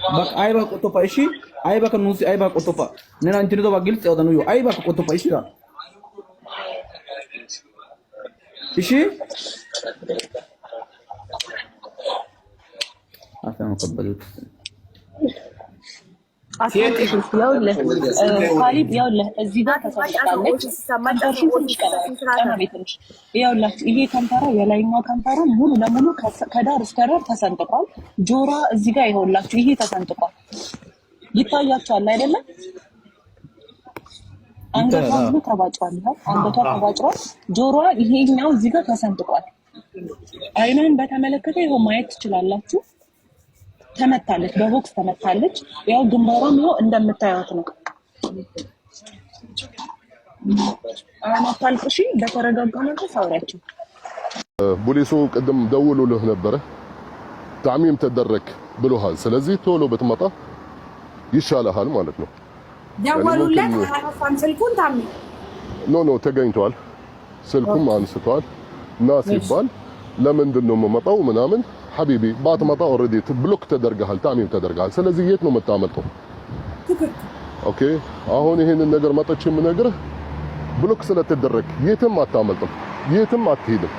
Bak ayba kutupa işi, ayba kanusi ayba kutupa. Ne lan tiri de bak gilse odan uyuyor. Ayba kutupa işi ya. İşi? Aferin kabul etsin. እዚህ ይሄ ከንፈሯ የላይኛው ከንፈሯ ሙሉ ለሙሉ ከዳር እስከ ዳር ተሰንጥቋል። ጆሯ እዚህ ጋር ይኸውላችሁ ይሄ ተሰንጥቋል። ይታያችኋል አይደለም? አንገቷ ሁሉ ተባጭሯል። አንገቷ ተባጭሯል። ጆሮዋ ይሄኛው እዚህ ጋር ተሰንጥቋል። አይኗን በተመለከተ ይኸው ማየት ትችላላችሁ። ተመታለች፣ በቦክስ ተመታለች። ያው ግንባሯም ያው እንደምታያት ነው። አናታልቅሽ፣ በተረጋጋ መንፈስ አውሪያቸው። ፖሊሱ ቅድም ደውሎልህ ነበረ ታሚም ተደረክ ብሎሃል። ስለዚህ ቶሎ ብትመጣ ይሻልሃል ማለት ነው። ደወሉለት ስልኩን ታሚ ኖ ኖ ተገኝቷል፣ ስልኩም አንስቷል። እና ሲባል ለምንድን ነው የምመጣው ምናምን ሀቢቢ ባትመጣ ኦልሬዲ ብሎክ ተደርገሃል፣ ታሚም ተደርገሃል። ስለዚህ የት ነው የምታመልጠው? ኦኬ አሁን ይሄንን ነገር መጠች የምነግርህ ብሎክ ስለተደረግ የትም አታመልጥም፣ የትም አትሄድም።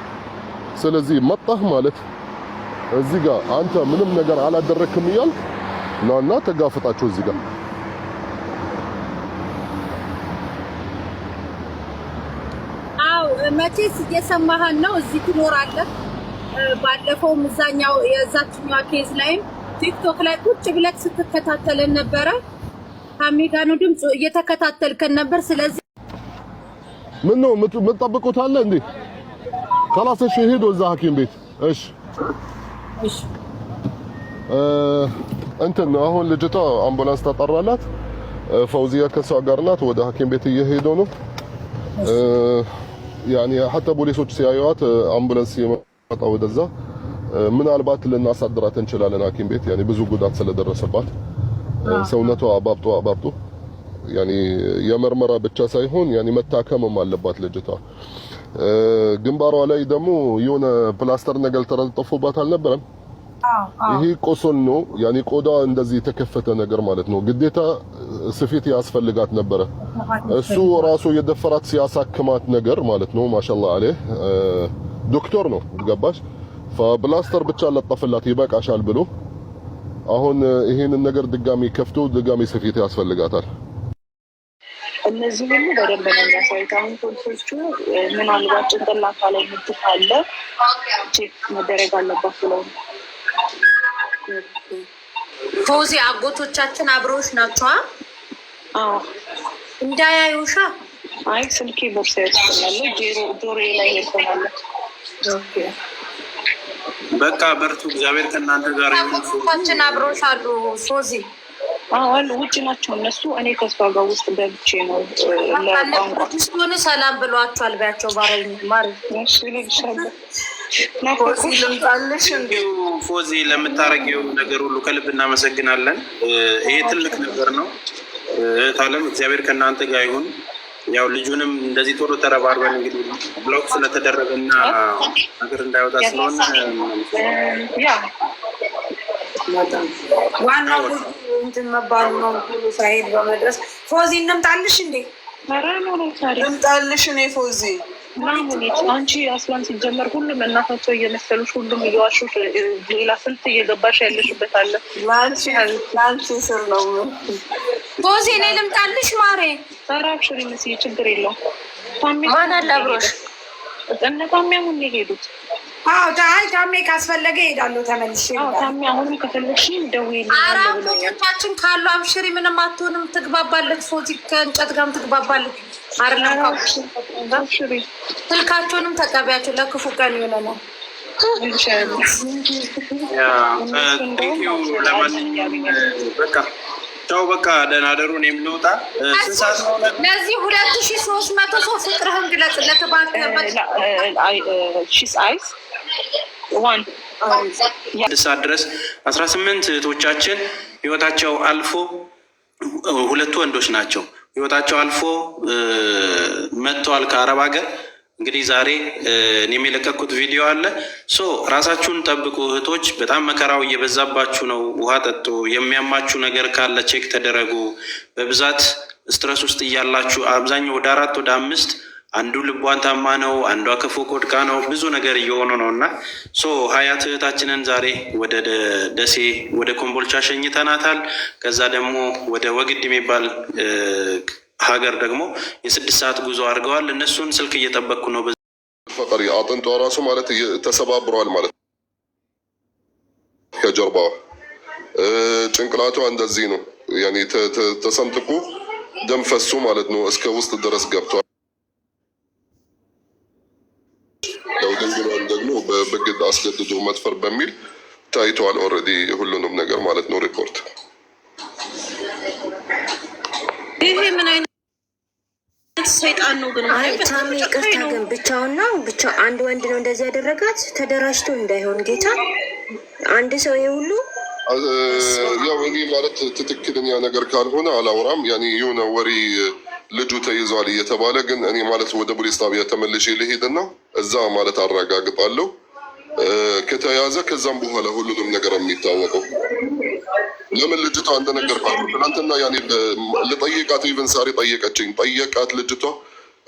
ስለዚህ መጣህ ማለት እዚህ ጋር አንተ ምንም ነገር አላደረክም እያልክ ናና ተጋፍጣችሁ እዚህ ጋር መቼስ እየሰማህን ነው። እዚህ ትኖራለህ ባለፈውም እዛኛው የዛችኛዋ ኬዝ ላይም ቲክቶክ ላይ ቁጭ ብለህ ስትከታተለን ነበረ። አሜጋኑ ድምፅ እየተከታተልከን ነበር። ስለዚህ ምን ነው የምትጠብቁት አለ እንዴ? ከላስ እሺ፣ ሂዱ እዛ ሐኪም ቤት እሺ። እሺ እንትን ነው አሁን ልጅቷ አምቡላንስ ተጠራላት። ፈውዚያ ከሷ ጋር ናት። ወደ ሐኪም ቤት እየሄዱ ነው። ያኔ ሀታ ፖሊሶች ሲያዩዋት አምቡላንስ ወጣ ወደዛ ምናልባት ልናሳድራት እንችላለን ሐኪም ቤት ያኔ ብዙ ጉዳት ስለደረሰባት ሰውነቷ አባብጦ አባብጦ ያኔ የምርመራ ብቻ ሳይሆን ያኔ መታከምም አለባት ልጅቷ። ግንባሯ ላይ ደግሞ የሆነ ፕላስተር ነገር ተለጥፎባት አልነበረም? ይሄ ቁስል ነው። ያኔ ቆዳ እንደዚህ የተከፈተ ነገር ማለት ነው። ግዴታ ስፌት ያስፈልጋት ነበረ። እሱ ራሱ የደፈራት ሲያሳክማት ነገር ማለት ነው። ማሻአላህ አለህ ዶክተር ነው ገባሽ? ፈብላስተር ብቻ ለጠፍላት ይበቃሻል ብሎ አሁን ይሄንን ነገር ድጋሚ ከፍቶ ድጋሚ ስፌት ያስፈልጋታል። እነዚህ ሁሉ በደንብ ነው የሚያሳዩት። አሁን ፖሊሶቹ ምናልባት ጭንቅላቷ ላይ ምልክት አለ ቼክ መደረግ አለባት ብለው ነው። ፎዚ አጎቶቻችን አብረዎች ናቸዋ። እንዳያዩሻ። አይ ስልኬ ቦርሳ ያስፈላለ ጆሮዬ ላይ ሄድኮናለ በቃ በርቱ። እግዚአብሔር ከእናንተ ጋር ችን አብሮሽ አሉ። ሶዚ አዋል ውጭ ናቸው እነሱ። እኔ ከሷ ጋር ውስጥ በብቼ ነው ለቋንቋሆኑ ሰላም ብሏቸው አልቢያቸው ባረማሪ ልምጣለሽ። እንዲሁ ፎዚ ለምታረጊው ነገር ሁሉ ከልብ እናመሰግናለን። ይሄ ትልቅ ነገር ነው። እህት አለም እግዚአብሔር ከእናንተ ጋር ይሁን። ያው ልጁንም እንደዚህ ጥሩ ተረባርበን እንግዲህ ብሎክ ስለተደረገ ስለተደረገና ነገር እንዳይወጣ ስለሆነ ዋናው እንትን መባሉ ነው። ሳይሄድ በመድረስ ፎዚ እንምጣልሽ እንዴ? ኧረ እንምጣልሽ እኔ ፎዚ ማሙኒት አንቺ አስላም ሲጀመር ሁሉም እናታቸው እየመሰሉሽ ሁሉም እየዋሹሽ ሌላ ስልት እየገባሽ ያለሽበት አለ። ለአንቺ ስር ነው ቦዜ። እኔ ልምጣልሽ ማሬ። ኧረ አብሽሪ ችግር የለውም። ማን አለ አብሮሽ? እነ ታሚያሙን የሄዱት አዎ ታይ ታሜ ካስፈለገ እሄዳለሁ ተመልሼ። ታሜ አሁንም ከፈለግሽ ደውዪልኝ። ኧረ አምሮቻችን ካሉ አብሽሪ፣ ምንም አትሆንም። ትግባባለች፣ ፎቲ ከእንጨት ጋርም ትግባባለች። አይደለም ስልካቸውንም ተቀቢያቸው፣ ለክፉ ቀን የሆነ ነው። በቃ ቻው፣ በቃ ደህና ደሩ። እኔም ልውጣ። ለዚህ ሁለት ሺህ ሦስት መቶ ሰው ፍቅርህን ግለጽ ለተባልክ ሰዓት ድረስ አስራ ስምንት እህቶቻችን ህይወታቸው አልፎ ሁለቱ ወንዶች ናቸው ህይወታቸው አልፎ መጥተዋል ከአረብ ሀገር። እንግዲህ ዛሬ እኔም የለቀኩት ቪዲዮ አለ። ሶ ራሳችሁን ጠብቁ እህቶች፣ በጣም መከራው እየበዛባችሁ ነው። ውሃ ጠጡ። የሚያማችሁ ነገር ካለ ቼክ ተደረጉ። በብዛት ስትረስ ውስጥ እያላችሁ አብዛኛው ወደ አራት ወደ አምስት አንዱ ልቧን ታማ ነው፣ አንዷ ክፉ ቆድቃ ነው። ብዙ ነገር እየሆኑ ነው እና ሶ ሀያት እህታችንን ዛሬ ወደ ደሴ ወደ ኮምቦልቻ ሸኝተናታል። ከዛ ደግሞ ወደ ወግድ የሚባል ሀገር ደግሞ የስድስት ሰዓት ጉዞ አድርገዋል። እነሱን ስልክ እየጠበቅኩ ነው። ፈጠሪ አጥንቷ ራሱ ማለት ተሰባብረዋል ማለት ከጀርባዋ ጭንቅላቷ እንደዚህ ነው ተሰንጥቁ ደም ፈሱ ማለት ነው። እስከ ውስጥ ድረስ ገብቷል። ድንግሏን ደግሞ በግድ አስገድዶ መድፈር በሚል ታይተዋል። ኦልሬዲ ሁሉንም ነገር ማለት ነው ሪፖርት ይሄ ምን አይነት ሰይጣን ነው ግን ግን ብቻውን ነው ብቻው አንድ ወንድ ነው እንደዚህ ያደረጋት ተደራጅቶ እንዳይሆን ጌታ አንድ ሰው ይሄ ሁሉ ያው እኔ ማለት ትክክለኛ ነገር ካልሆነ አላውራም ያኔ የሆነ ወሬ ልጁ ተይዟል እየተባለ ግን እኔ ማለት ወደ ፖሊስ ጣቢያ ተመልሼ ነው እዛ ማለት አረጋግጣለሁ። ከተያዘ ከዛም በኋላ ሁሉንም ነገር የሚታወቀው ለምን ልጅቷ እንደነገርኳት ትናንትና ያኔ ልጠይቃት ኢቨን ሳሪ ጠየቀችኝ። ጠየቃት ልጅቷ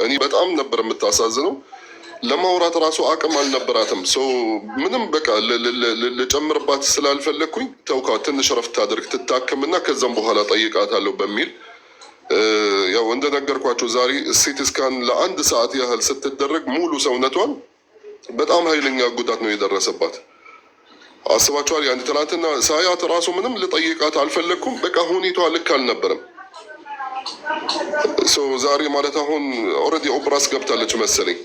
እኔ በጣም ነበር የምታሳዝነው። ለማውራት ራሱ አቅም አልነበራትም። ሰው ምንም በቃ ልጨምርባት ስላልፈለግኩኝ ተውካ ትንሽ ረፍት ታደርግ ትታክምና ከዛም በኋላ ጠይቃታለሁ በሚል ያው እንደነገርኳቸው ዛሬ ሲቲ ስካን ለአንድ ሰዓት ያህል ስትደረግ ሙሉ ሰውነቷን በጣም ኃይለኛ ጉዳት ነው የደረሰባት። አስባችኋል? ያን ትናንትና ሳያት ራሱ ምንም ልጠይቃት አልፈለግኩም። በቃ ሁኔቷ ልክ አልነበረም። ዛሬ ማለት አሁን ኦልሬዲ ኦፕራስ ገብታለች መሰለኝ።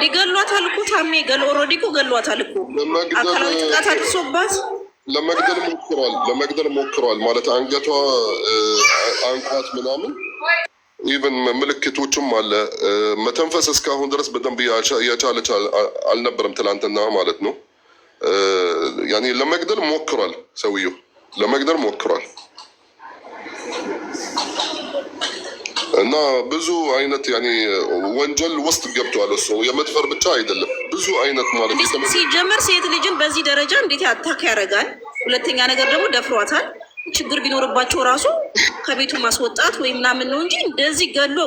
ሊገሏት እኮ ታሜ ገል ኦልሬዲ ገሏት አልኩ አካላዊ ጥቃት አድርሶባት ለመግደል ሞክሯል ለመግደል ሞክሯል ማለት አንገቷ አንቋት ምናምን ኢቨን ምልክቶችም አለ። መተንፈስ እስካሁን ድረስ በደንብ እያቻለች አልነበረም፣ ትላንትና ማለት ነው። ያኔ ለመግደል ሞክሯል፣ ሰውየው ለመግደል ሞክሯል። እና ብዙ አይነት ወንጀል ውስጥ ገብተዋል። እሱ የመድፈር ብቻ አይደለም፣ ብዙ አይነት ማለት ሲጀምር ሴት ልጅን በዚህ ደረጃ እንዴት አታክ ያደርጋል? ሁለተኛ ነገር ደግሞ ደፍሯታል። ችግር ቢኖርባቸው ራሱ ከቤቱ ማስወጣት ወይ ምናምን ነው እንጂ እንደዚህ ገሎ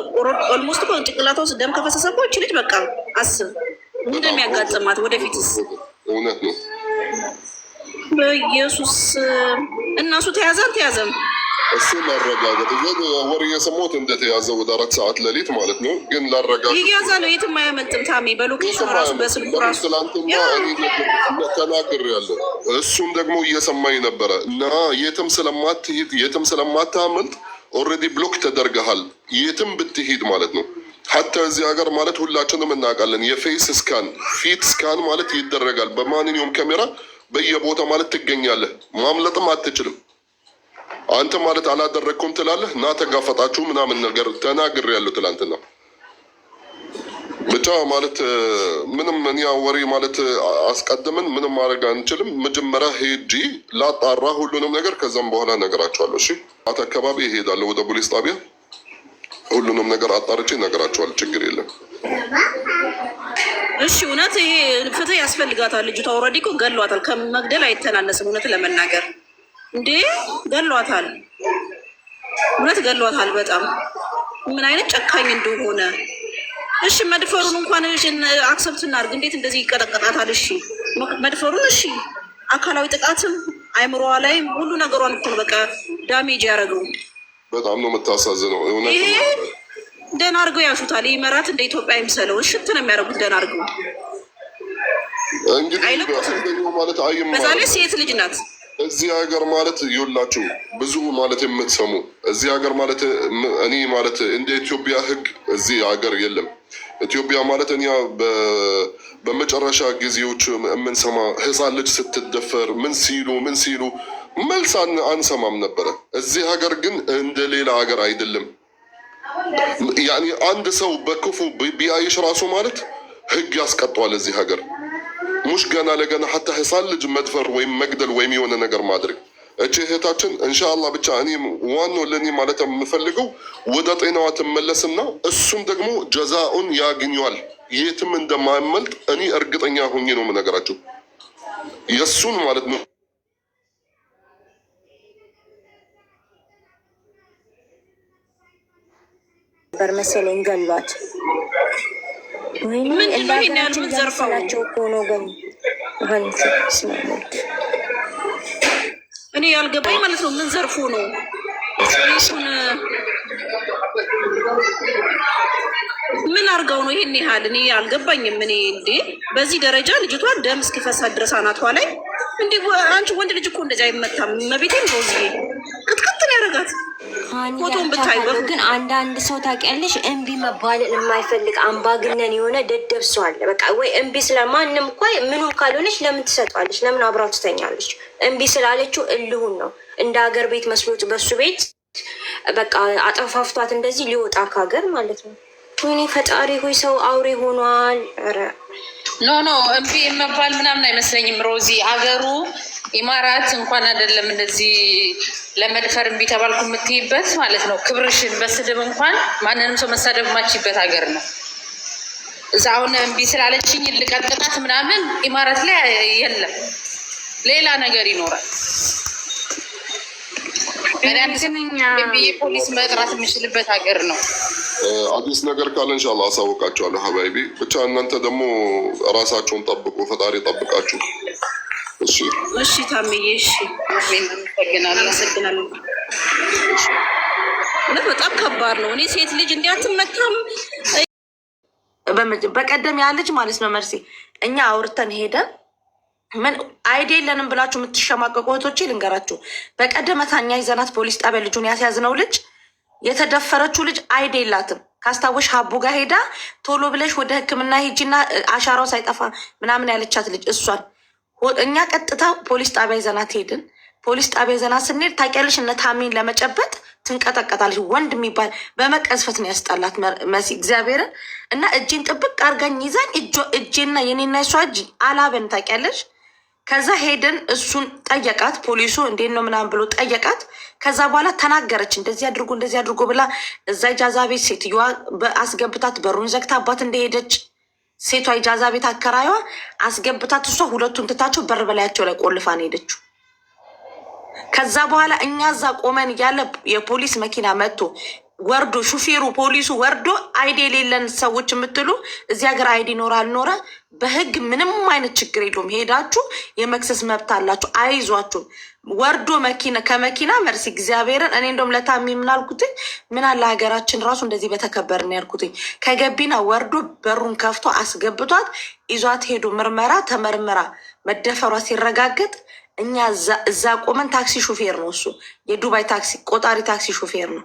ኦልሞስት እኮ ጭንቅላቷ ውስጥ ደም ከፈሰሰ እኮ ይች ልጅ በቃ አስብ እንደሚያጋጥማት ወደፊትስ። እውነት ነው በኢየሱስ። እናሱ ተያዘም ተያዘም እሱ ላረጋገጥ ወር እየሰማሁት እንደተያዘ ወደ አራት ሰዓት ሌሊት ማለት ነው። ግን ላረጋገጥ እየያዘ ነው፣ ራሱ ራሱ እሱም ደግሞ እየሰማኝ ነበረ እና የትም ስለማትሄድ የትም ስለማታመልጥ ኦልሬዲ ብሎክ ተደርገሃል፣ የትም ብትሄድ ማለት ነው። ሀታ እዚህ ሀገር ማለት ሁላችንም እናውቃለን። የፌስ ስካን ፊት ስካን ማለት ይደረጋል በማንኛውም ካሜራ በየቦታ ማለት ትገኛለህ፣ ማምለጥም አትችልም። አንተ ማለት አላደረግኩም ትላለህ እና ተጋፈጣችሁ ምናምን ነገር ተናግር ያለው ትላንትና ብቻ ማለት ምንም እኛ ወሬ ማለት አስቀድምን ምንም ማድረግ አንችልም። መጀመሪያ ሄጂ ላጣራ ሁሉንም ነገር ከዛም በኋላ ነገራቸዋለሁ። እሺ አት አካባቢ ይሄዳለሁ ወደ ፖሊስ ጣቢያ ሁሉንም ነገር አጣርቼ ነገራቸዋል። ችግር የለም። እሺ እውነት ይሄ ፍትህ ያስፈልጋታል። ልጅቷ ኦልሬዲ እኮ ገሏታል። ከመግደል አይተናነስም እውነት ለመናገር እንዴ ገሏታል። እውነት ገሏታል። በጣም ምን አይነት ጨካኝ እንደሆነ። እሺ መድፈሩን እንኳን አክሰብት እናድርግ። እንዴት እንደዚህ ይቀጠቀጣታል? እሺ መድፈሩን፣ እሺ አካላዊ ጥቃትም አይምሮዋ ላይም ሁሉ ነገሯን እኮ በቃ ዳሜጅ ያደረገው በጣም ነው የምታሳዝነው። ይሄ ደህና አድርገው ያሹታል። ይህ መራት እንደ ኢትዮጵያ ይምሰለው። እሽት ነው የሚያደርጉት። ደህና አድርገው እንግዲህ ማለት በዛ ላይ ሴት ልጅ ናት። እዚህ ሀገር ማለት ይውላችሁ ብዙ ማለት የምትሰሙ እዚህ ሀገር ማለት እኔ ማለት እንደ ኢትዮጵያ ህግ እዚህ ሀገር የለም። ኢትዮጵያ ማለት እኛ በመጨረሻ ጊዜዎች የምንሰማ ህፃን ልጅ ስትደፈር ምን ሲሉ ምን ሲሉ መልስ አንሰማም ነበረ። እዚህ ሀገር ግን እንደ ሌላ ሀገር አይደለም። ያኔ አንድ ሰው በክፉ ቢያይሽ ራሱ ማለት ህግ ያስቀጧል እዚህ ሀገር ሙሽ ገና ለገና ሀታ ህፃን ልጅ መድፈር ወይም መግደል ወይም የሆነ ነገር ማድረግ እቺ እህታችን እንሻአላህ ብቻ እኔ ዋናው ለእኔ ማለት የምፈልገው ወደ ጤናዋ ትመለስና እሱም ደግሞ ጀዛኡን ያግኘዋል። የትም እንደማያመልጥ እኔ እርግጠኛ ሆኜ ነው የምነግራቸው። የእሱን ማለት ነው ነበር መሰለኝ ገሏት እኔ ያልገባኝ ማለት ነው ምን ዘርፎ ነው ምን አርጋው ነው ይሄን ያህል? እኔ አልገባኝም። እኔ እንዴ በዚህ ደረጃ ልጅቷ ደም እስኪፈሳ ድረስ አናቷ ላይ እንዲህ አንቺ ወንድ ልጅ እኮ እንደዚህ አይመታም። መቤቴን ነው እዚህ ቅጥቅጥን ነው ፎቶን ብታይ ግን አንዳንድ ሰው ታውቂያለሽ፣ እምቢ መባልን የማይፈልግ አምባግነን የሆነ ደደብ ሰው አለ። በቃ ወይ እምቢ ስለማንም እኳ ምኑን ካልሆነች ለምን ትሰጧለች? ለምን አብራው ትተኛለች? እምቢ ስላለችው እልሁን ነው እንደ ሀገር ቤት መስሎት በሱ ቤት በቃ አጠፋፍቷት እንደዚህ ሊወጣ ከሀገር ማለት ነው። ወይኔ ፈጣሪ ሆይ ሰው አውሬ ሆኗል። ኖ ኖ እምቢ መባል ምናምን አይመስለኝም ሮዚ አገሩ ኢማራት እንኳን አይደለም እንደዚህ ለመድፈር እምቢ ተባልኩ የምትይበት ማለት ነው። ክብርሽን በስድብ እንኳን ማንንም ሰው መሳደብ ማችበት ሀገር ነው። እዛ አሁን እምቢ ስላለችኝ ልቀጥቅጣት ምናምን ኢማራት ላይ የለም፣ ሌላ ነገር ይኖራል። ፖሊስ መጥራት የምችልበት ሀገር ነው። አዲስ ነገር ካለ እንሻላ አሳውቃችኋለሁ። ሀባይቢ ብቻ እናንተ ደግሞ ራሳቸውን ጠብቁ፣ ፈጣሪ ጠብቃችሁ እሺ ታምዬ፣ እሺ አመሰግናለሁ። በጣም ከባድ ነው። እኔ ሴት ልጅ እንዲህ በቀደም ያ ልጅ ማለት ነው መርሴ፣ እኛ አውርተን ሄደን ምን አይዲ የለንም ብላችሁ የምትሸማቀቁ እህቶቼ ልንገራችሁ። በቀደም ታኛ ይዘናት ፖሊስ ጣቢያ ልጁን ያስያዝነው ልጅ የተደፈረችው ልጅ አይዲ የላትም ካስታወሽ ሀቡ ጋር ሄዳ ቶሎ ብለሽ ወደ ሕክምና ሂጂና አሻራው ሳይጠፋ ምናምን ያለቻት ልጅ እሷን እኛ ቀጥታ ፖሊስ ጣቢያ ይዘናት ሄድን። ፖሊስ ጣቢያ ይዘናት ስንሄድ ታውቂያለሽ፣ እነ ታሚን ለመጨበጥ ትንቀጠቀጣለች። ወንድ የሚባል በመቀዝፈት ነው ያስጣላት መሲ እግዚአብሔርን እና እጄን ጥብቅ አርጋኝ ይዛኝ እጄና የኔና እሷ እጅ አላበን ታውቂያለሽ። ከዛ ሄደን እሱን ጠየቃት። ፖሊሱ እንዴት ነው ምናምን ብሎ ጠየቃት። ከዛ በኋላ ተናገረች። እንደዚህ አድርጎ እንደዚህ አድርጎ ብላ እዛ ጃዛ ቤት ሴትዮዋ አስገብታት በሩን አባት እንደሄደች ሴቷ ኢጃዛ ቤት አከራይዋ አስገብታት እሷ ሁለቱን ትታቸው በር በላያቸው ላይ ቆልፋን ሄደችው። ከዛ በኋላ እኛ እዛ ቆመን እያለ የፖሊስ መኪና መጥቶ ወርዶ ሹፌሩ ፖሊሱ ወርዶ አይዲ የሌለን ሰዎች የምትሉ እዚህ ሀገር አይዲ ኖረ አልኖረ በህግ ምንም አይነት ችግር የለውም። ሄዳችሁ የመክሰስ መብት አላችሁ። አይዟችሁ ወርዶ መኪና ከመኪና መርሲ እግዚአብሔርን እኔ እንደም ለታሚ ምናልኩትኝ ምን አለ ሀገራችን ራሱ እንደዚህ በተከበርን ያልኩትኝ ከገቢና ወርዶ በሩን ከፍቶ አስገብቷት ይዟት ሄዱ። ምርመራ ተመርምራ መደፈሯ ሲረጋገጥ እኛ እዛ ቆመን ታክሲ ሹፌር ነው እሱ የዱባይ ታክሲ ቆጣሪ ታክሲ ሹፌር ነው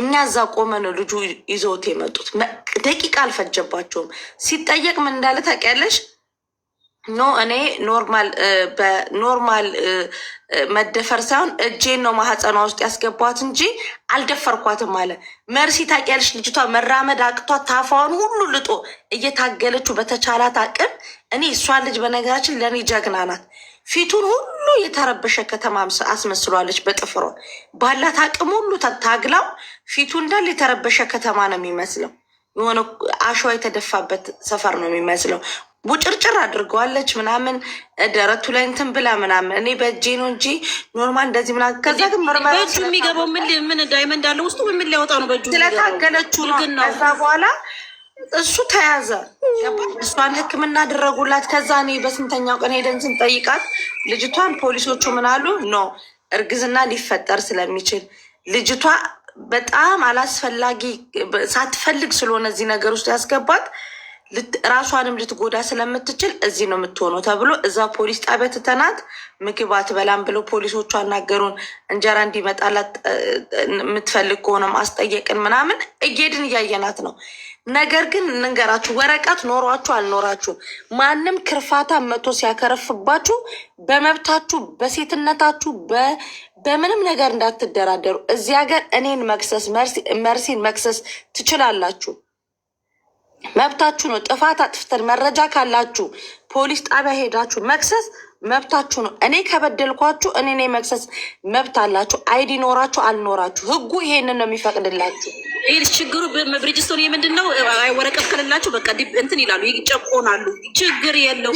እኛ እዛ ቆመ ነው ልጁ ይዘውት የመጡት። ደቂቃ አልፈጀባቸውም። ሲጠየቅ ምን እንዳለ ታውቂያለሽ? ኖ እኔ ኖርማል በኖርማል መደፈር ሳይሆን እጄን ነው ማህፀኗ ውስጥ ያስገባት እንጂ አልደፈርኳትም አለ። መርሲ ታውቂያለሽ? ልጅቷ መራመድ አቅቷት ታፋውን ሁሉ ልጦ እየታገለችው በተቻላት አቅም እኔ እሷን ልጅ በነገራችን ለእኔ ጀግና ናት። ፊቱን ሁሉ የተረበሸ ከተማ አስመስሏለች። በጥፍሯ ባላት አቅም ሁሉ ታግላው ፊቱ እንዳለ የተረበሸ ከተማ ነው የሚመስለው። የሆነ አሸዋ የተደፋበት ሰፈር ነው የሚመስለው። ቡጭርጭር አድርገዋለች ምናምን ደረቱ ላይ እንትን ብላ ምናምን። እኔ በእጄ ነው እንጂ ኖርማል እንደዚህ ምና። ከዛ ግን ምርመራ በእጁ የሚገባው ምን ምን ዳይመንድ አለ ውስጡ ምን ሊያወጣ ነው? በእጁ ስለታገለችው ነው። ከዛ በኋላ እሱ ተያዘ። እሷን ሕክምና አደረጉላት። ከዛ እኔ በስንተኛው ቀን ሄደን ስንጠይቃት ልጅቷን ፖሊሶቹ ምን አሉ? ኖ እርግዝና ሊፈጠር ስለሚችል ልጅቷ በጣም አላስፈላጊ ሳትፈልግ ስለሆነ እዚህ ነገር ውስጥ ያስገባት ራሷንም ልትጎዳ ስለምትችል እዚህ ነው የምትሆነው ተብሎ እዛ ፖሊስ ጣቢያ ትተናት ምግብ አትበላም ብለው ፖሊሶቹ አናገሩን። እንጀራ እንዲመጣላት የምትፈልግ ከሆነ አስጠየቅን ምናምን እየሄድን እያየናት ነው። ነገር ግን እንንገራችሁ ወረቀት ኖሯችሁ አልኖራችሁ ማንም ክርፋታ መቶ ሲያከረፍባችሁ በመብታችሁ፣ በሴትነታችሁ፣ በምንም ነገር እንዳትደራደሩ። እዚህ ሀገር እኔን መክሰስ መርሲን መክሰስ ትችላላችሁ፣ መብታችሁ ነው። ጥፋት አጥፍተን መረጃ ካላችሁ ፖሊስ ጣቢያ ሄዳችሁ መክሰስ መብታችሁ ነው። እኔ ከበደልኳችሁ እኔ መክሰስ መብት አላችሁ። አይዲ ኖራችሁ አልኖራችሁ ህጉ ይሄንን ነው የሚፈቅድላችሁ። ይህ ችግሩ ብሪጅስቶን የምንድን ነው? ወረቀት ከሌላቸው በቃ እንትን ይላሉ፣ ይጨቆናሉ። ችግር የለው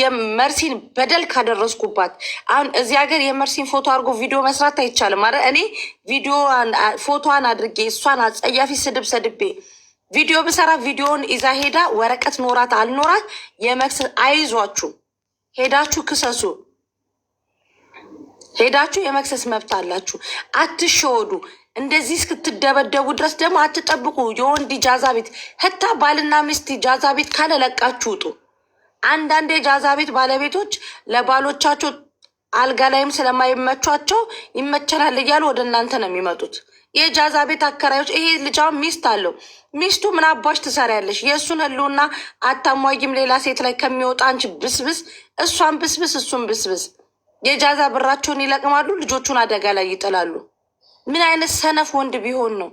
የመርሲን በደል ካደረስኩባት አሁን እዚህ ሀገር የመርሲን ፎቶ አድርጎ ቪዲዮ መስራት አይቻልም። አረ እኔ ቪዲዮ ፎቶዋን አድርጌ እሷን አጸያፊ ስድብ ሰድቤ ቪዲዮ ብሰራ ቪዲዮን ይዛ ሄዳ ወረቀት ኖራት አልኖራት የመክሰስ አይዟችሁ፣ ሄዳችሁ ክሰሱ ሄዳችሁ የመክሰስ መብት አላችሁ። አትሸወዱ። እንደዚህ እስክትደበደቡ ድረስ ደግሞ አትጠብቁ። የወንድ ጃዛ ቤት ህታ ባልና ሚስት ጃዛ ቤት ካለለቃችሁ ውጡ። አንዳንድ የጃዛ ቤት ባለቤቶች ለባሎቻቸው አልጋ ላይም ስለማይመቿቸው ይመቸናል እያሉ ወደ እናንተ ነው የሚመጡት። የጃዛ ቤት አከራዮች ይሄ ልጃውን ሚስት አለው ሚስቱ ምን አባሽ ትሰሪያለሽ? የእሱን ህልውና አታሟይም ሌላ ሴት ላይ ከሚወጣ አንቺ ብስብስ፣ እሷን ብስብስ፣ እሱን ብስብስ። የጃዛ ብራቸውን ይለቅማሉ፣ ልጆቹን አደጋ ላይ ይጥላሉ። ምን አይነት ሰነፍ ወንድ ቢሆን ነው?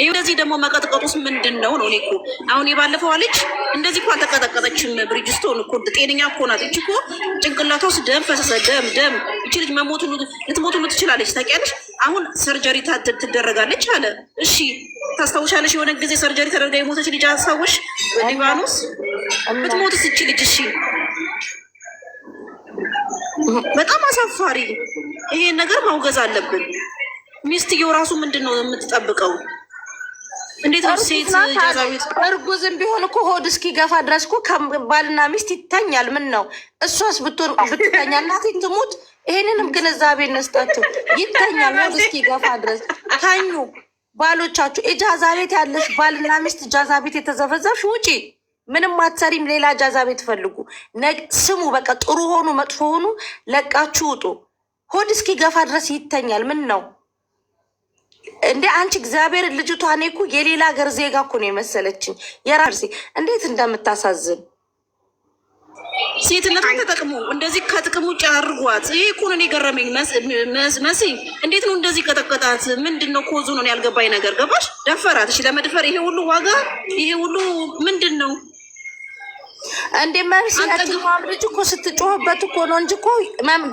ይህ እንደዚህ ደግሞ መቀጥቀጡስ ምንድን ነው ነው? እኔ እኮ አሁን የባለፈዋ ልጅ እንደዚህ እኮ አልተቀጠቀጠችም። ብሪጅስቶን እኮ ጤነኛ እኮ ናት። እች እኮ ጭንቅላቷ ውስጥ ደም ፈሰሰ። ደም ደም። እች ልጅ መሞት ልትሞት ትችላለች። ታውቂያለሽ? አሁን ሰርጀሪ ትደረጋለች አለ። እሺ ታስታውሻለሽ? የሆነ ጊዜ ሰርጀሪ ተደርጋ የሞተች ልጅ አስታውሽ? ሊባኖስ ብትሞትስ እች ልጅ እሺ በጣም አሳፋሪ። ይሄን ነገር ማውገዝ አለብን። ሚስትየው ራሱ ምንድን ነው የምትጠብቀው? እንዴት ነው ሴት እርጉዝም ቢሆን እኮ ሆድ እስኪገፋ ድረስ እኮ ከባልና ሚስት ይተኛል። ምን ነው እሷስ ብትተኛ እናቴን ትሙት። ይሄንንም ግንዛቤ ነስታችሁ ይተኛል። ሆድ እስኪገፋ ድረስ ተኙ። ባሎቻችሁ እጃዛ ቤት ያለሽ ባልና ሚስት እጃዛ ቤት የተዘፈዘፍሽ ውጪ ምንም አትሰሪም። ሌላ ጃዛ ቤት ፈልጉ። ስሙ በቃ ጥሩ ሆኑ መጥፎ ሆኑ ለቃችሁ ውጡ። ሆድ እስኪ ገፋ ድረስ ይተኛል። ምን ነው እንደ አንቺ እግዚአብሔር ልጅቷ እኔ እኮ የሌላ ሀገር ዜጋ እኮ ነው የመሰለችኝ። የራሴ እንዴት እንደምታሳዝን ሴትነቱን ተጠቅሙ እንደዚህ ከጥቅም ውጭ አድርጓት። ይህ እኮን እኔ ገረመኝ። መሲ እንዴት ነው እንደዚህ ቀጠቀጣት? ምንድን ነው ኮዙ ነው ያልገባኝ ነገር ገባሽ? ደፈራት። እሺ ለመድፈር ይሄ ሁሉ ዋጋ ይሄ ሁሉ ምንድን ነው? እንዴ መርሲ ያችኛዋም ልጅ እኮ ስትጮህበት እኮ ነው እንጂ እኮ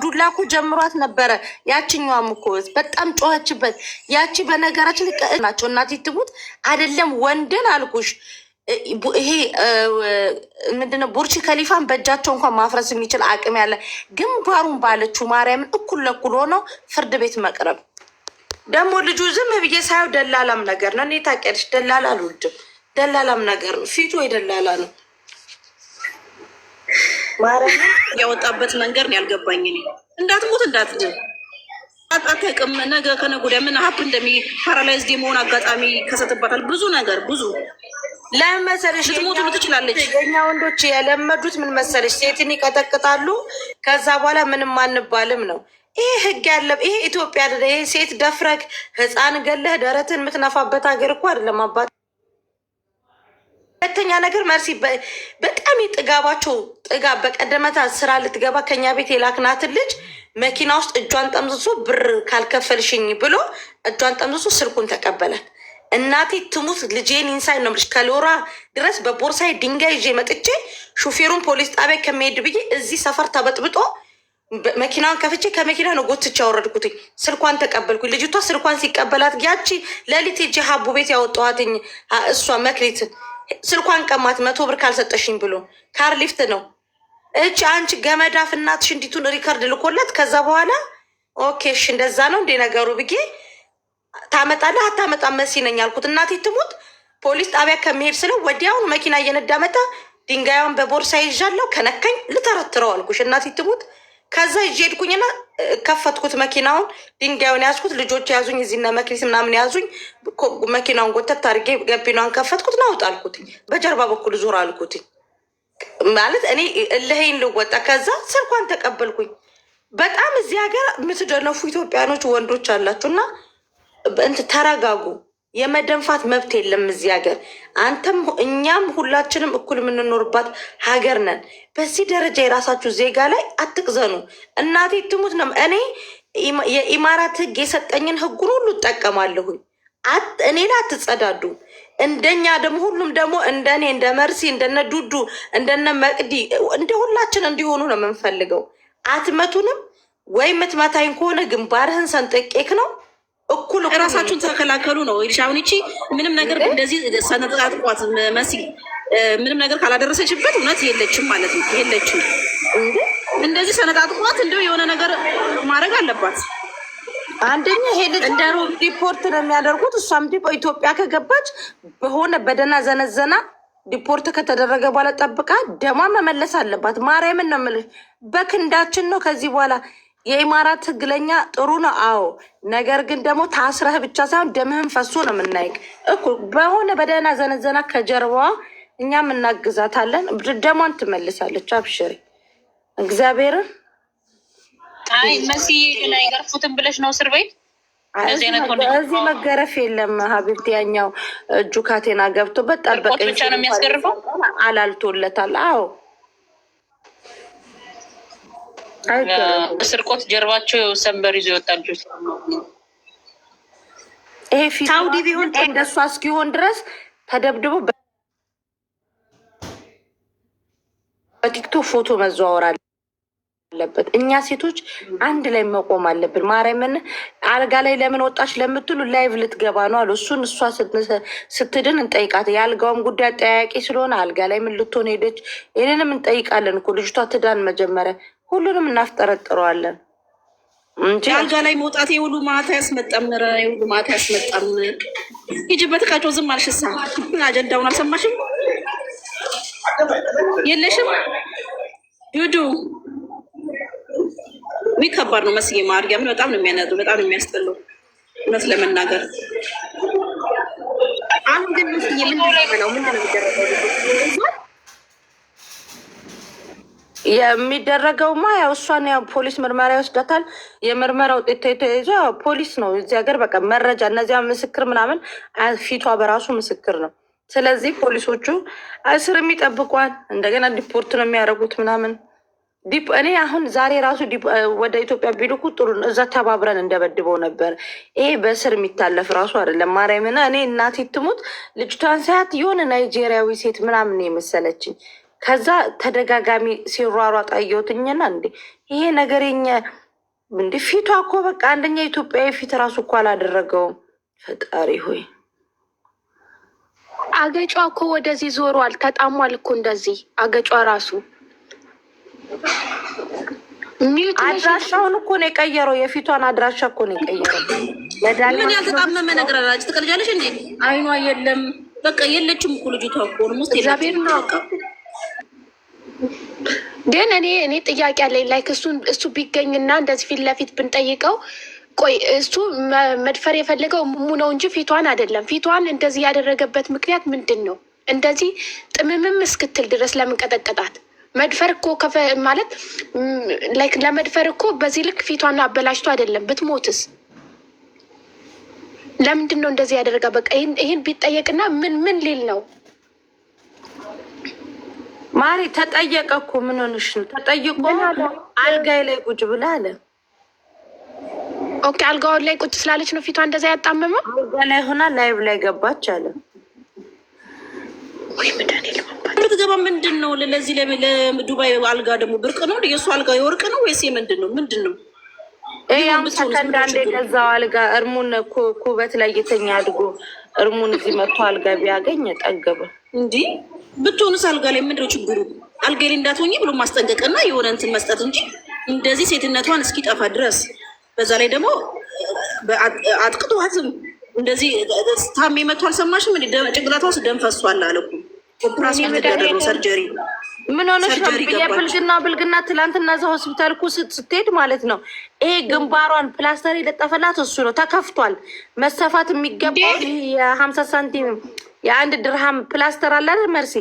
ዱላ እኮ ጀምሯት ነበረ። ያችኛዋም እኮ በጣም ጮኸችበት። ያቺ በነገራችን ናቸው እናት ትሙት አይደለም ወንድን አልኩሽ። ይሄ ምንድነው ቡርቺ ከሊፋን በእጃቸው እንኳን ማፍረስ የሚችል አቅም ያለ ግንባሩን ባለችው ማርያምን እኩል ለኩል ሆነው ፍርድ ቤት መቅረብ ደግሞ ልጁ ዝም ብዬ ሳየው ደላላም ነገር ነው። እኔ ታውቂያለሽ፣ ደላላ አልወድም። ደላላም ነገር ነው። ፊቱ ወይ ደላላ ነው። ያወጣበት መንገድ ነው ያልገባኝ። እኔ እንዳትሞት እንዳትድን አታውቅም። ነገ ከነገ ወዲያ ምን ሀብ እንደሚ ፓራላይዝድ የመሆን አጋጣሚ ከሰትባታል። ብዙ ነገር ብዙ ለመሰለሽ ልትሞት ትችላለች። የኛ ወንዶች የለመዱት ምን መሰለሽ፣ ሴትን ይቀጠቅጣሉ። ከዛ በኋላ ምንም አንባልም ነው ይሄ ህግ ያለ ይሄ ኢትዮጵያ ይሄ ሴት ደፍረክ ህፃን ገለህ ደረትን የምትነፋበት ሀገር እኮ አይደለም አባቴ። ሁለተኛ ነገር መርሲ በጣም የጥጋባቸው ጥጋብ በቀደመታ ስራ ልትገባ ከኛ ቤት የላክናትን ልጅ መኪና ውስጥ እጇን ጠምዝዞ ብር ካልከፈልሽኝ ብሎ እጇን ጠምዝዞ ስልኩን ተቀበላት። እናቴ ትሙት ልጄን ኢንሳይ ነው የምልሽ። ከሎራ ድረስ በቦርሳይ ድንጋይ ይዤ መጥቼ ሹፌሩን ፖሊስ ጣቢያ ከመሄድ ብዬ እዚህ ሰፈር ተበጥብጦ መኪናዋን ከፍቼ ከመኪና ነው ጎትቼ ያወረድኩትኝ። ስልኳን ተቀበልኩኝ። ልጅቷ ስልኳን ሲቀበላት ያቺ ለሊት ሂጄ ሀቡ ቤት ያወጣኋትኝ እሷ መክሊትን ስልኳን ቀማት። መቶ ብር ካልሰጠሽኝ ብሎ ካር ሊፍት ነው እች አንቺ ገመዳፍ እናትሽ እንዲቱን ሪከርድ ልኮለት ከዛ በኋላ ኦኬ እሺ እንደዛ ነው እንዴ ነገሩ ብዬ ታመጣለህ አታመጣም መሲ ነኝ አልኩት። እናቴ ትሙት ፖሊስ ጣቢያ ከመሄድ ስለው ወዲያውን መኪና እየነዳ መጣ። ድንጋዩን በቦርሳ ይዣለው ከነካኝ ልተረትረው አልኩሽ እናቴ ትሙት ከዛ ይዤ ሄድኩኝና ከፈትኩት መኪናውን፣ ድንጋዩን ያዝኩት፣ ልጆች ያዙኝ፣ እዚህና መክሊስ ምናምን ያዙኝ። መኪናውን ጎተት አድርጌ ገቢናን ከፈትኩት፣ ናውጥ አልኩትኝ፣ በጀርባ በኩል ዙር አልኩትኝ። ማለት እኔ እልህይን ልወጣ። ከዛ ስልኳን ተቀበልኩኝ። በጣም እዚህ ሀገር የምትደነፉ ኢትዮጵያኖች ወንዶች አላችሁ እና እንትን ተረጋጉ። የመደንፋት መብት የለም እዚህ ሀገር። አንተም እኛም ሁላችንም እኩል የምንኖርባት ሀገር ነን። በዚህ ደረጃ የራሳችሁ ዜጋ ላይ አትቅዘኑ። እናቴ ትሙት ነው እኔ የኢማራት ህግ የሰጠኝን ህጉን ሁሉ እጠቀማለሁኝ። እኔ ላይ አትጸዳዱ። እንደኛ ደግሞ ሁሉም ደግሞ እንደ እኔ እንደ መርሲ እንደነ ዱዱ እንደነ መቅዲ እንደ ሁላችን እንዲሆኑ ነው የምንፈልገው። አትመቱንም ወይ? ምትመታኝ ከሆነ ግንባርህን ሰንጥቄክ ነው እኩል እራሳችሁን ተከላከሉ ነው ይልሽ። አሁን ይቺ ምንም ነገር እንደዚህ ሰነጣጥቋት መሲ ምንም ነገር ካላደረሰችበት እውነት የለችም ማለት ነው። የለችም እንደዚህ ሰነጣጥቋት እንደው የሆነ ነገር ማድረግ አለባት። አንደኛ ይሄ ልጅ እንደ ዲፖርት ነው የሚያደርጉት። እሷም ኢትዮጵያ ከገባች በሆነ በደና ዘነዘና ዲፖርት ከተደረገ በኋላ ጠብቃ ደሟ መመለስ አለባት። ማርያምን ነው የምልሽ፣ በክንዳችን ነው ከዚህ በኋላ የኢማራት ትግለኛ ጥሩ ነው። አዎ ነገር ግን ደግሞ ታስረህ ብቻ ሳይሆን ደምህን ፈሶ ነው የምናይቅ እኮ በሆነ በደህና ዘነዘና ከጀርባዋ እኛም እናግዛታለን። ደሟን ትመልሳለች። አብሽሪ እግዚአብሔርን። አይ መስዬ ግን አይገርፉትም ብለሽ ነው እስር ቤት እዚህ መገረፍ የለም ሀቢብቲ። ያኛው እጁ ካቴና ገብቶበት ጠበቀኝ ብቻ ነው የሚያስገርፈው። አላልቶለታል። አዎ ስርቆት ጀርባቸው ሰንበር ይዞ የወጣ ልጆች ይሄ ሳውዲ ቢሆን እንደሷ እስኪሆን ድረስ ተደብድቦ በቲክቶክ ፎቶ መዘዋወር አለበት። እኛ ሴቶች አንድ ላይ መቆም አለብን። ማርያምን አልጋ ላይ ለምን ወጣች ለምትሉ ላይቭ ልትገባ ነው አሉ። እሱን እሷ ስትድን እንጠይቃት። የአልጋውም ጉዳይ ጠያቂ ስለሆነ አልጋ ላይ ምን ልትሆን ሄደች? ይህንንም እንጠይቃለን እኮ ልጅቷ ትዳን መጀመሪያ ሁሉንም እናፍጠረጥረዋለን እንጂ አልጋ ላይ መውጣት የውሉ ማታ ያስመጣም ያስመጣምረ የውሉ ማታ ያስመጣም ሂጅበት እቃቸው ዝም አልሽሳ አጀንዳውን አልሰማሽም የለሽም ዩዱ ይህ ከባድ ነው መስዬ ማርያም በጣም ነው የሚያነዱ በጣም ነው የሚያስጠላው እውነት ለመናገር አሁን ግን መስዬ ምንድን ነው የሚደረገው የሚደረገውማ ያው እሷን ያው ፖሊስ ምርመራ ይወስዳታል። የምርመራ ውጤት የተይዞ ያው ፖሊስ ነው። እዚህ ሀገር በቃ መረጃ እነዚያ ምስክር ምናምን ፊቷ በራሱ ምስክር ነው። ስለዚህ ፖሊሶቹ እስር የሚጠብቋል። እንደገና ዲፖርት ነው የሚያደርጉት ምናምን። እኔ አሁን ዛሬ ራሱ ወደ ኢትዮጵያ ቢልኩ ጥሩ እዛ ተባብረን እንደበድበው ነበር። ይሄ በእስር የሚታለፍ ራሱ አይደለም። ማርያምና እኔ እናቴ ትሙት ልጅቷን ሳያት የሆነ ናይጄሪያዊ ሴት ምናምን የመሰለችኝ ከዛ ተደጋጋሚ ሲሯሯጣ አየሁትኝና እንዴ ይሄ ነገር የኛ እንደ ፊቷ እኮ በቃ አንደኛ ኢትዮጵያዊ ፊት ራሱ እኮ አላደረገውም። ፈጣሪ ሆይ አገጯ እኮ ወደዚህ ዞሯል፣ ተጣሟል እኮ እንደዚህ አገጯ ራሱ አድራሻውን እኮ ነው የቀየረው። የፊቷን አድራሻ እኮ ነው የቀየረው። ምን ያልተጣመመ ነገር አላችሁ? ትቀልጃለሽ እንዴ? አይኗ የለም በቃ የለችም እኮ ልጅቷ እኮ እግዚአብሔር ነው ግን እኔ እኔ ጥያቄ አለኝ ላይክ እሱ እሱ ቢገኝና እንደዚህ ፊት ለፊት ብንጠይቀው ቆይ እሱ መድፈር የፈለገው ሙሙ ነው እንጂ ፊቷን አይደለም። ፊቷን እንደዚህ ያደረገበት ምክንያት ምንድን ነው? እንደዚህ ጥምምም እስክትል ድረስ ለምን ቀጠቀጣት? መድፈር እኮ ከፈ ማለት ላይክ ለመድፈር እኮ በዚህ ልክ ፊቷን አበላሽቶ አይደለም። ብትሞትስ ለምንድን ነው እንደዚህ ያደረጋ? በቃ ይህን ቢጠየቅና ምን ምን ሊል ነው? ማሪ ተጠየቀ እኮ ምን ሆንሽ ነው ተጠይቆ አልጋይ ላይ ቁጭ ብላ አለ። ኦኬ አልጋው ላይ ቁጭ ስላለች ነው ፊቷ እንደዛ ያጣመመው። አልጋ ላይ ሆና ላይቭ ላይ ገባች አለ። ወይ ምንድን ነው ለዚህ ለዱባይ አልጋ ደግሞ ብርቅ ነው። የእሱ አልጋ የወርቅ ነው ወይስ የምንድን ነው? ምንድን ነው ሰከንዳንድ የገዛው አልጋ እርሙን ኩበት ላይ የተኛ አድጎ እርሙን እዚህ መጥቶ አልጋ ቢያገኝ ጠገበ እንዲህ ብትሆንስ አልጋ ላይ ምንድነው ችግሩ? አልጋ ላይ እንዳትሆኝ ብሎ ማስጠንቀቅና የሆነ እንትን መስጠት እንጂ እንደዚህ ሴትነቷን እስኪጠፋ ድረስ በዛ ላይ ደግሞ አጥቅቷትም እንደዚህ ታሜ መቶ አልሰማሽም? ጭንቅላቷ ውስጥ ደም ፈሷል አለ እኮ ሰርጀሪ ምን ሆነሽ ነው ብልግና ብልግና ትላንትና ዛ ሆስፒታል እኮ ስትሄድ ማለት ነው ይሄ ግንባሯን ፕላስተር የለጠፈላት እሱ ነው ተከፍቷል መሰፋት የሚገባው የሀምሳ ሳንቲም የአንድ ድርሃም ፕላስተር አላለ መርሴ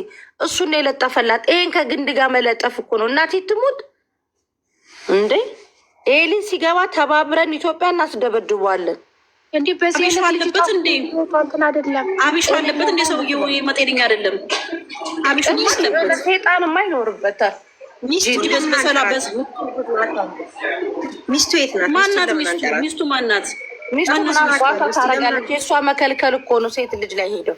እሱን ነው የለጠፈላት። ይሄን ከግንድ ጋር መለጠፍ እኮ ነው። እናቴ ትሙት እንዴ ኤሊን ሲገባ ተባብረን ኢትዮጵያ እናስደበድቧለን። እንዲህ በዚህ አለበት እንዴ አብሽ አለበት እንዴ ሰውዬው መጤነኛ አይደለም። አቢሽ አለበት ሴጣን አይኖርበታል። ሚስቱ የት ናት? ማናት? ሚስቱ ሚስቱ ማናት? ሚስቱ ታረጋለች። የእሷ መከልከል እኮ ነው ሴት ልጅ ላይ ሄደው